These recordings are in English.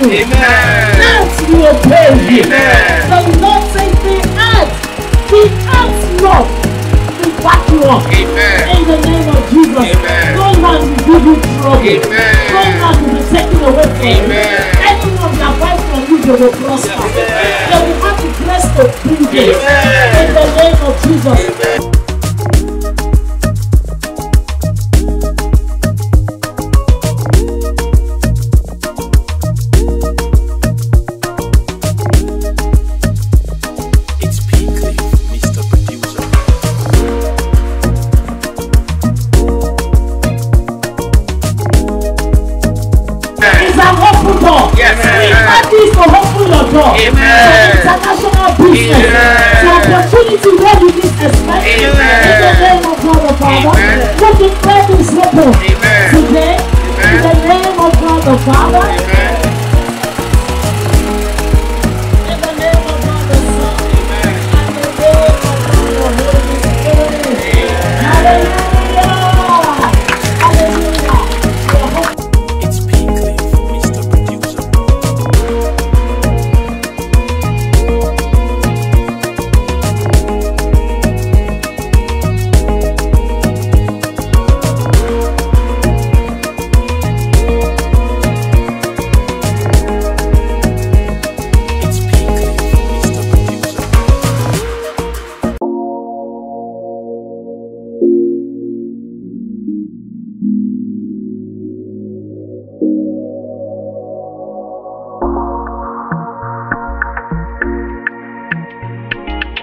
you. Amen. That you obey him. Amen. The Lord says the earth, the earth not, the back you up. Amen. In the name of Jesus. Amen. No one will give you trouble. Amen. No man will be taken away from Amen. Anyone that buys from you, they will prosper. Yes, they will have the grace to bring Amen. In the name of Jesus. Amen. someone Amen. his weapon today in the name of God the Father.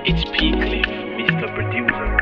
It's P Mr. Producer.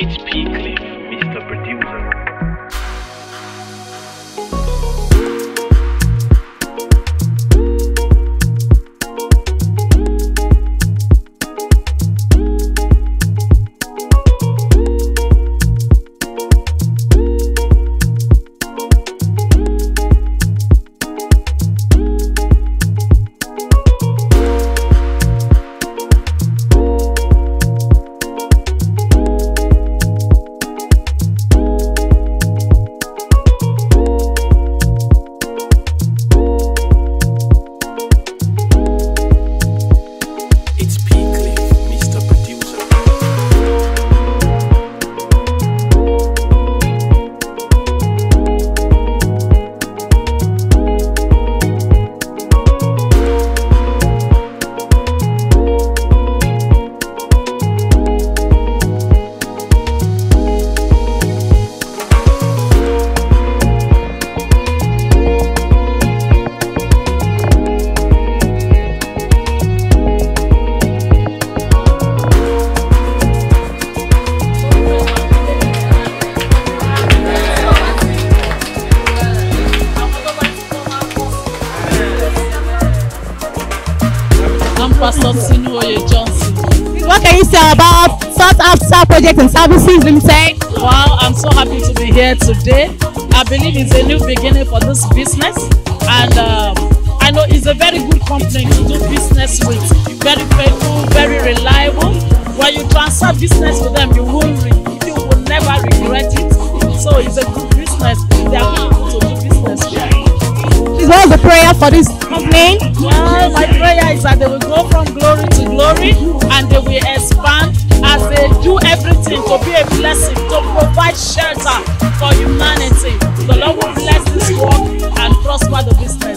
its peak What can you say about South Africa Project and Services Limited? Wow, I'm so happy to be here today. I believe it's a new beginning for this business, and um, I know it's a very good company to do business with. Very faithful, very reliable. When you transfer business with them, you will you will never regret it. So it's a good business. They are good what's the prayer for this evening? Well, my prayer is that they will go from glory to glory and they will expand as they do everything to be a blessing, to provide shelter for humanity. The Lord will bless this work and prosper the business.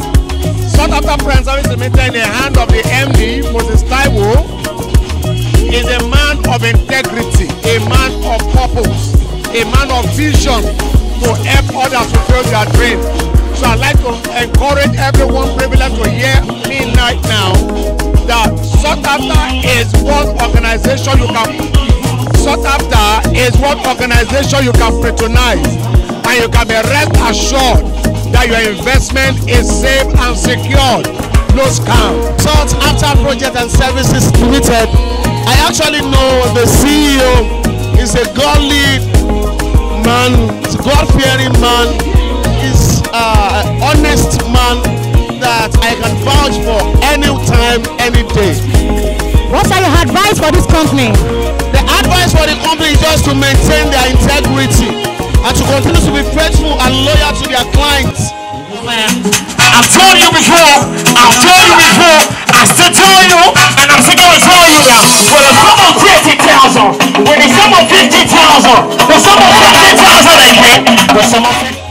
Short after prayer and service is in the hand of the MD, Moses Taiwo, is a man of integrity, a man of purpose, a man of vision to help others fulfill their dreams. So I'd like to encourage everyone privileged to hear me right now that sought after is one organization you can sought after is one organization you can patronize and you can be rest assured that your investment is safe and secured. No scam. Sought after project and services limited. I actually know the CEO is a godly man, God-fearing man. uh, honest man that I can vouch for any time, any day. What are your advice for this company? The advice for the company is just to maintain their integrity and to continue to be faithful and loyal to their clients. I've told you before, I've told you before, I still tell you, and I'm still going to tell you now. with the sum of 50,000, with a sum of 50,000, the sum of 50,000 I get, the sum of 50,000.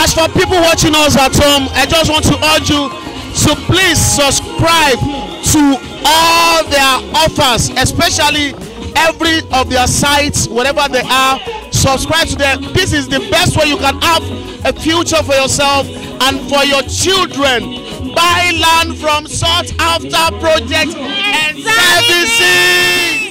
As for people watching us at home, I just want to urge you to please subscribe to all their offers, especially every of their sites, whatever they are. Subscribe to them. This is the best way you can have a future for yourself and for your children. Buy land from sought after projects and services.